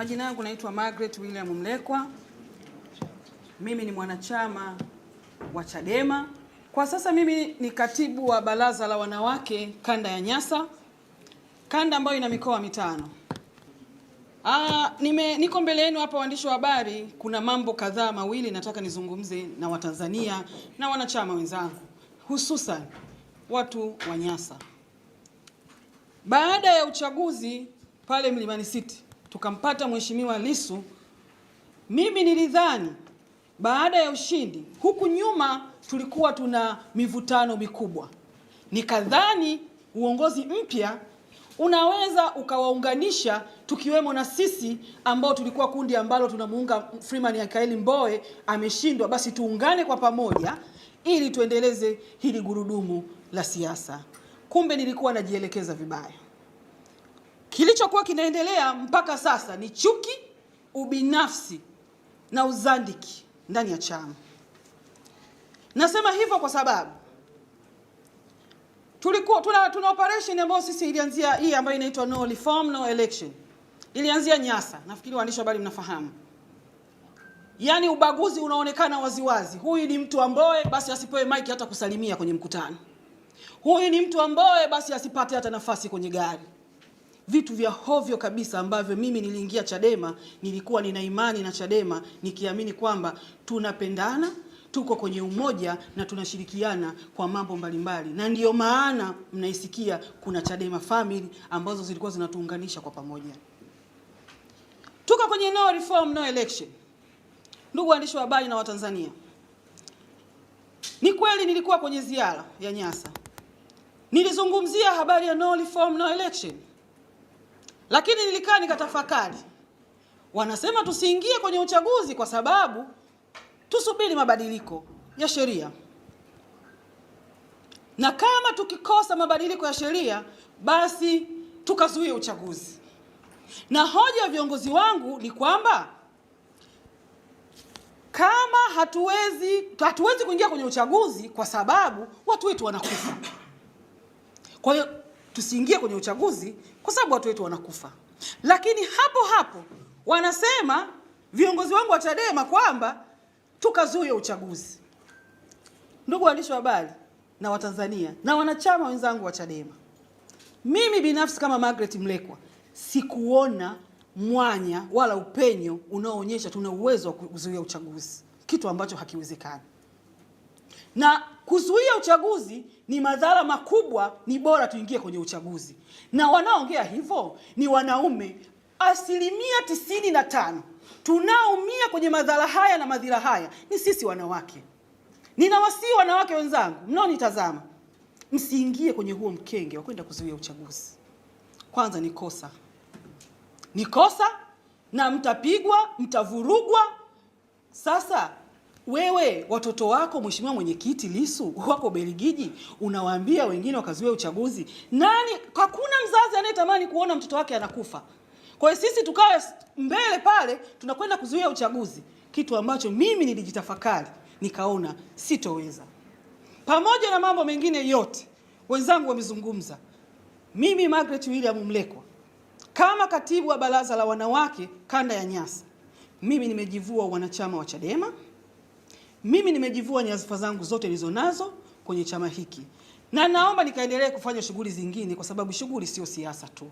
Majina yangu naitwa Margaret William Mlekwa. Mimi ni mwanachama wa Chadema. Kwa sasa mimi ni katibu wa baraza la wanawake kanda ya Nyasa, kanda ambayo ina mikoa mitano. Aa, ah, nime, niko mbele yenu hapa waandishi wa habari. Kuna mambo kadhaa mawili nataka nizungumze na Watanzania na wanachama wenzangu, hususan watu wa Nyasa. Baada ya uchaguzi pale Mlimani City tukampata Mheshimiwa Lissu, mimi nilidhani baada ya ushindi, huku nyuma tulikuwa tuna mivutano mikubwa, nikadhani uongozi mpya unaweza ukawaunganisha tukiwemo na sisi ambao tulikuwa kundi ambalo tunamuunga Freeman Aikaeli Mbowe, ameshindwa, basi tuungane kwa pamoja ili tuendeleze hili gurudumu la siasa. Kumbe nilikuwa najielekeza vibaya. Kilichokuwa kinaendelea mpaka sasa ni chuki, ubinafsi na uzandiki ndani ya chama. Nasema hivyo kwa sababu tulikuwa tuna, tuna operation ambayo sisi ilianzia hii ambayo inaitwa no reform no election, ilianzia Nyasa, nafikiri waandishi habari mnafahamu. Yaani ubaguzi unaonekana waziwazi. Huyu ni mtu ambaye basi asipewe maiki hata kusalimia kwenye mkutano. Huyu ni mtu ambaye basi asipate hata nafasi kwenye gari vitu vya hovyo kabisa ambavyo mimi niliingia Chadema, nilikuwa nina imani na Chadema nikiamini kwamba tunapendana, tuko kwenye umoja na tunashirikiana kwa mambo mbalimbali, na ndiyo maana mnaisikia kuna Chadema family ambazo zilikuwa zinatuunganisha kwa pamoja. Tuko kwenye no reform, no election. Ndugu waandishi wa habari na Watanzania, ni kweli nilikuwa kwenye ziara ya Nyasa, nilizungumzia habari ya no reform, no election lakini nilikaa nikatafakari, wanasema tusiingie kwenye uchaguzi kwa sababu tusubiri mabadiliko ya sheria, na kama tukikosa mabadiliko ya sheria basi tukazuia uchaguzi. Na hoja ya viongozi wangu ni kwamba kama hatuwezi hatuwezi kuingia kwenye uchaguzi kwa sababu watu wetu wanakufa. Kwa hiyo tusiingie kwenye uchaguzi kwa sababu watu wetu wanakufa. Lakini hapo hapo wanasema viongozi wangu wa Chadema kwamba tukazuia uchaguzi. Ndugu waandishi wa habari na Watanzania na wanachama wenzangu wa Chadema, mimi binafsi kama Margaret Mlekwa sikuona mwanya wala upenyo unaoonyesha tuna uwezo wa kuzuia uchaguzi, kitu ambacho hakiwezekani na kuzuia uchaguzi ni madhara makubwa, ni bora tuingie kwenye uchaguzi. Na wanaongea hivyo ni wanaume asilimia tisini na tano. Tunaoumia kwenye madhara haya na madhira haya ni sisi wanawake. Ninawasihi wanawake wenzangu mnaonitazama, msiingie kwenye huo mkenge wa kwenda kuzuia uchaguzi. Kwanza ni kosa, ni kosa na mtapigwa, mtavurugwa. Sasa wewe watoto wako Mheshimiwa Mwenyekiti Lisu wako Beligiji, unawaambia wengine wakazuia uchaguzi. Nani? Hakuna mzazi anayetamani kuona mtoto wake anakufa. Kwa hiyo sisi tukawe mbele pale, tunakwenda kuzuia uchaguzi, kitu ambacho mimi nilijitafakari nikaona sitoweza. Pamoja na mambo mengine yote wenzangu wamezungumza, mimi Margaret William Mlekwa kama katibu wa baraza la wanawake kanda ya Nyasa, mimi nimejivua wanachama wa Chadema. Mimi nimejivua nyadhifa zangu zote nilizo nazo kwenye chama hiki na naomba nikaendelee kufanya shughuli zingine, kwa sababu shughuli sio siasa tu.